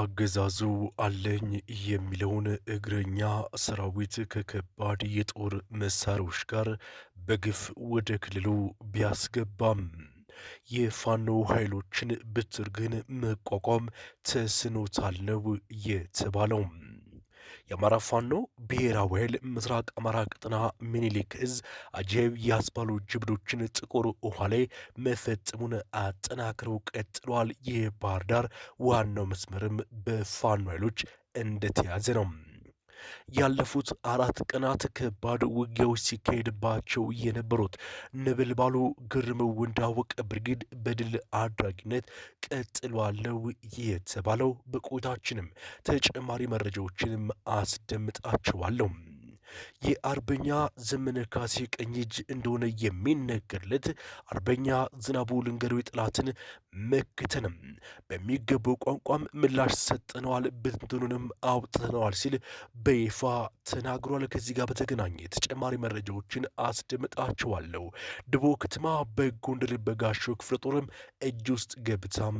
አገዛዙ አለኝ የሚለውን እግረኛ ሰራዊት ከከባድ የጦር መሳሪያዎች ጋር በግፍ ወደ ክልሉ ቢያስገባም የፋኖ ኃይሎችን ብትር ግን መቋቋም ተስኖታል ነው የተባለው። የአማራ ፋኖ ብሔራዊ ኃይል ምስራቅ አማራ ቀጠና ሚኒሊክ እዝ አጀብ ያስባሉ ጅብዶችን ጥቁር ውሃ ላይ መፈጸሙን አጠናክረው ቀጥሏል። ባህር ዳር ዋናው መስመርም በፋኖ ኃይሎች እንደተያዘ ነው። ያለፉት አራት ቀናት ከባድ ውጊያዎች ሲካሄድባቸው የነበሩት ነበልባሉ ግርምው እንዳወቅ ብርጌድ በድል አድራጊነት ቀጥሏለው የተባለው በቆይታችንም ተጨማሪ መረጃዎችንም አስደምጣችኋለሁ። የአርበኛ ዘመነ ካሴ ቀኝ እጅ እንደሆነ የሚነገርለት አርበኛ ዝናቡ ልንገሩ የጠላትን መክተንም በሚገባው ቋንቋም ምላሽ ሰጥነዋል፣ ብትንትኑንም አውጥተነዋል ሲል በይፋ ተናግሯል። ከዚህ ጋር በተገናኘ ተጨማሪ መረጃዎችን አስደምጣችኋለሁ። ድቦ ከተማ በጎንደር በጋሻው ክፍለ ጦርም እጅ ውስጥ ገብታም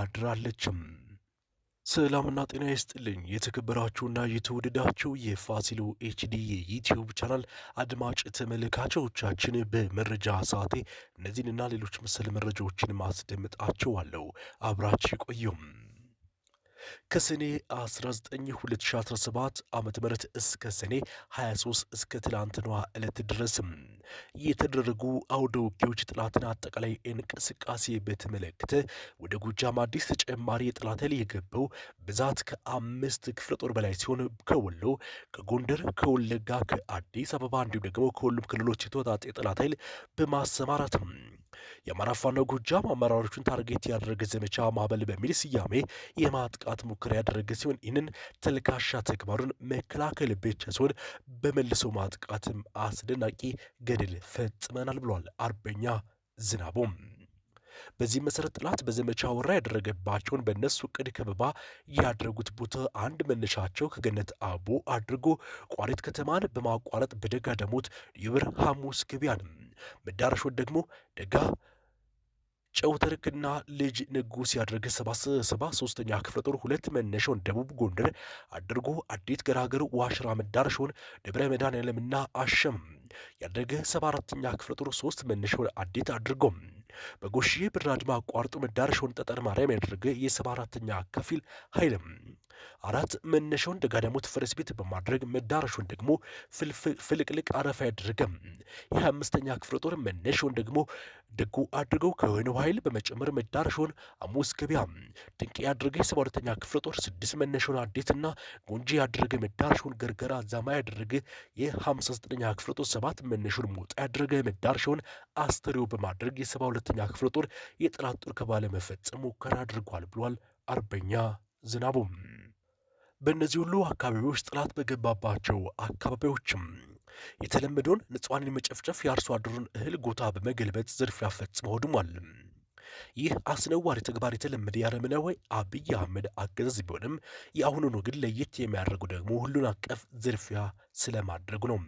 አድራለችም። ሰላምና ጤና ይስጥልኝ የተከበራችሁና የተወደዳችሁ የፋሲሎ ኤችዲ የዩትዩብ ቻናል አድማጭ ተመልካቾቻችን፣ በመረጃ ሰዓቴ እነዚህንና ሌሎች መሰል መረጃዎችን ማስደምጣችኋለሁ። አብራችሁ ቆዩም። ከሰኔ 19 2017 ዓ ም እስከ ሰኔ 23 እስከ ትላንትናዋ ዕለት ድረስም የተደረጉ አውደ ውጊያዎች ጥላትን አጠቃላይ እንቅስቃሴ በተመለከተ ወደ ጎጃም አዲስ ተጨማሪ የጠላት ኃይል የገባው ብዛት ከአምስት ክፍለ ጦር በላይ ሲሆን ከወሎ፣ ከጎንደር፣ ከወለጋ፣ ከአዲስ አበባ እንዲሁም ደግሞ ከሁሉም ክልሎች የተወጣጠ የጠላት ኃይል የአማራ ፋኖ ጎጃም አመራሮቹን ታርጌት ያደረገ ዘመቻ ማዕበል በሚል ስያሜ የማጥቃት ሙከራ ያደረገ ሲሆን ይህንን ተልካሻ ተግባሩን መከላከል ብቻ ሲሆን በመልሶ ማጥቃትም አስደናቂ ገድል ፈጽመናል ብሏል አርበኛ ዝናቡም። በዚህ መሰረት ጥላት በዘመቻ ወራ ያደረገባቸውን በእነሱ ቅድ ከበባ ያደረጉት ቦታ አንድ መነሻቸው ከገነት አቦ አድርጎ ቋሪት ከተማን በማቋረጥ በደጋ ደሞት ይብር ሐሙስ ገበያን መዳረሻውን ደግሞ ደጋ ጨው ተርክና ልጅ ንጉስ ያደረገ ሰባ ሶስተኛ ክፍለ ጦር ሁለት መነሻውን ደቡብ ጎንደር አድርጎ አዴት ገራገር ዋሽራ መዳረሻውን ደብረ መድኃኔዓለምና አሸም ያደረገ ሰባ አራተኛ ክፍለ ጦር ሶስት መነሻውን አዴት አድርጎ በጎሽዬ ብር አድማ አቋርጦ መዳረሻውን ጠጠር ማርያም ያደረገ የሰባ አራተኛ ከፊል ኃይልም አራት መነሻውን ደጋደሞት ፈረስ ቤት በማድረግ መዳረሻውን ደግሞ ፍልቅልቅ አረፋ ያደረገ የሃያ አምስተኛ ክፍለ ጦር መነሻውን ደግሞ ደጉ አድርገው ከወይኑ ኃይል በመጨመር መዳረሻውን አሙስ ገበያ፣ ድንቅ ያደረገ የሰባ ሁለተኛ ክፍለ ጦር ስድስት መነሻውን አዴትና ጎንጂ ያደረገ መዳረሻውን ገርገራ ዛማ ያደረገ የሀምሳ ዘጠነኛ ክፍለ ጦር ሰባት መነሻውን ሞጣ ያደረገ መዳረሻውን አስተሪው በማድረግ የሰባ ሁለተኛ ክፍለ ጦር የጠላት ጦር ከባለ መፈጸም ሙከራ አድርጓል ብሏል አርበኛ ዝናቡም። በእነዚህ ሁሉ አካባቢዎች ጠላት በገባባቸው አካባቢዎችም የተለመደውን ንጽዋንን መጨፍጨፍ የአርሶ አደሩን እህል ጎታ በመገልበጥ ዝርፊያ ፈጽመው ወድሟል። ይህ አስነዋሪ ተግባር የተለመደ የአረመናዊ አብይ አህመድ አገዛዝ ቢሆንም የአሁኑኑ ግን ለየት የሚያደርገው ደግሞ ሁሉን አቀፍ ዝርፊያ ስለማድረጉ ነው።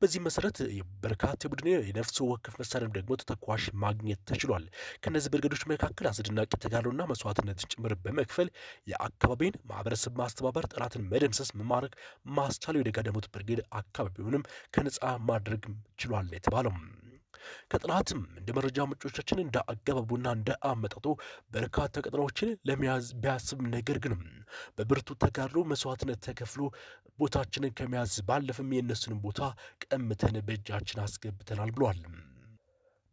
በዚህ መሰረት በርካታ የቡድን የነፍስ ወከፍ መሳሪያም ደግሞ ተተኳሽ ማግኘት ተችሏል። ከእነዚህ ብርገዶች መካከል አስደናቂ ተጋድሎና መስዋዕትነትን ጭምር በመክፈል የአካባቢን ማህበረሰብ ማስተባበር፣ ጠላትን መደምሰስ፣ መማረክ ማስቻለው የደጋዳሞት ብርጌድ አካባቢውንም ከነጻ ማድረግ ችሏል የተባለው ከጥናትም እንደ መረጃ ምንጮቻችን እንደ አገባቡና እንደ አመጣጡ በርካታ ቀጠናዎችን ለመያዝ ቢያስብ ነገር ግን በብርቱ ተጋድሎ መስዋዕትነት ተከፍሎ ቦታችንን ከመያዝ ባለፈም የእነሱንም ቦታ ቀምተን በእጃችን አስገብተናል ብሏል።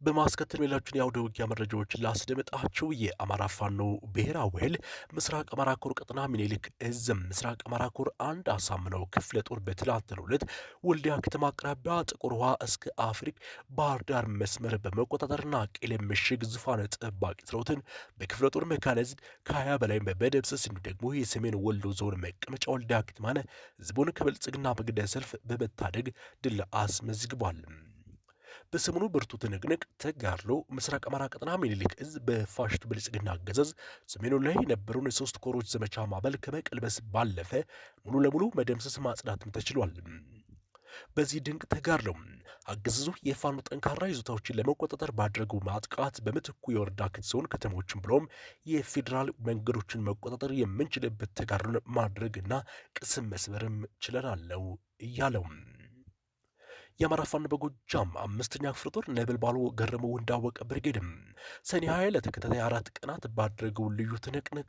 በማስከተል ሌሎችን የአውደ ውጊያ መረጃዎች ላስደምጣችሁ። የአማራ ፋኖ ብሔራዊ ኃይል ምስራቅ አማራ ኮር ቀጠና ሚኒሊክ እዝም ምስራቅ አማራ ኮር አንድ አሳምነው ክፍለ ጦር በትላንትናው ዕለት ወልዲያ ከተማ አቅራቢያ ጥቁር ውሃ እስከ አፍሪክ ባህር ዳር መስመር በመቆጣጠርና ቄሌ ምሽግ ዙፋን ጠባቂ ስለውትን በክፍለ ጦር ሜካናይዝድ ከሀያ በላይ በመደምሰስ እንዲሁ ደግሞ የሰሜን ወሎ ዞን መቀመጫ ወልዲያ ከተማን ህዝቡን ከብልጽግና በግዳይ ሰልፍ በመታደግ ድል አስመዝግቧል። በሰሞኑ ብርቱ ትንቅንቅ ተጋድሎ ምስራቅ አማራ ቀጠና ሚኒሊክ እዝ በፋሽት ብልጽግና አገዛዝ ሰሜኑ ላይ የነበረውን የሶስት ኮሮች ዘመቻ ማዕበል ከመቀልበስ ባለፈ ሙሉ ለሙሉ መደምሰስ ማጽዳትም ተችሏል። በዚህ ድንቅ ተጋድሎ አገዛዙ የፋኖ ጠንካራ ይዞታዎችን ለመቆጣጠር ባደረገው ማጥቃት በምትኩ የወረዳ ክትሰውን ከተሞችን ብሎም የፌዴራል መንገዶችን መቆጣጠር የምንችልበት ተጋድሎን ማድረግና ቅስም መስበርም ችለናለው እያለው የአማራ ፋኖ በጎጃም አምስተኛ ክፍለ ጦር ነበልባሉ ገረመው እንዳወቀ ብርጌድም ሰኔ 20 ለተከታታይ አራት ቀናት ባደረገው ልዩ ትንቅንቅ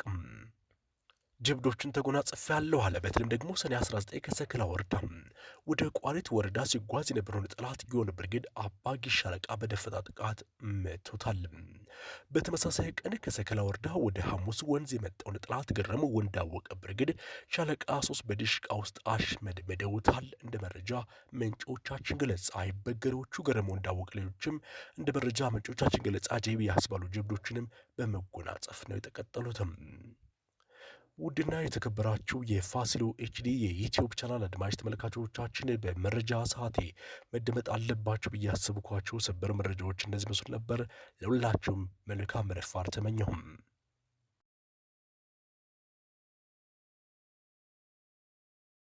ጀብዶችን ያለው አለ። በተለይም ደግሞ ሰኔ 19 ከሰክላ ወረዳ ወደ ቋሪት ወረዳ ሲጓዝ የነበረውን ጠላት ጊዮን ብርጌድ አባጊ ሻለቃ በደፈጣ ጥቃት መቶታል። በተመሳሳይ ቀን ከሰክላ ወረዳ ወደ ሐሙስ ወንዝ የመጣውን ጠላት ገረሙ ወንዳወቀ ብርጌድ ሻለቃ ሶስት በድሽቃ ውስጥ አሽመድምደውታል። እንደ መረጃ ምንጮቻችን ገለጻ አይበገሬዎቹ ገረሙ ወንዳወቀ ሌሎችም እንደ መረጃ ምንጮቻችን ገለጻ ጄቢ ያስባሉ ጀብዶችንም በመጎናጸፍ ነው የተቀጠሉትም። ውድና የተከበራችሁ የፋሲሎ ኤችዲ የዩትዩብ ቻናል አድማጭ ተመልካቾቻችን በመረጃ ሰዓቴ መደመጥ አለባቸው ብዬ ያሰብኳቸው ሰበር መረጃዎች እነዚህ መስሉ ነበር። ለሁላችሁም መልካም ረፋር ተመኘሁም።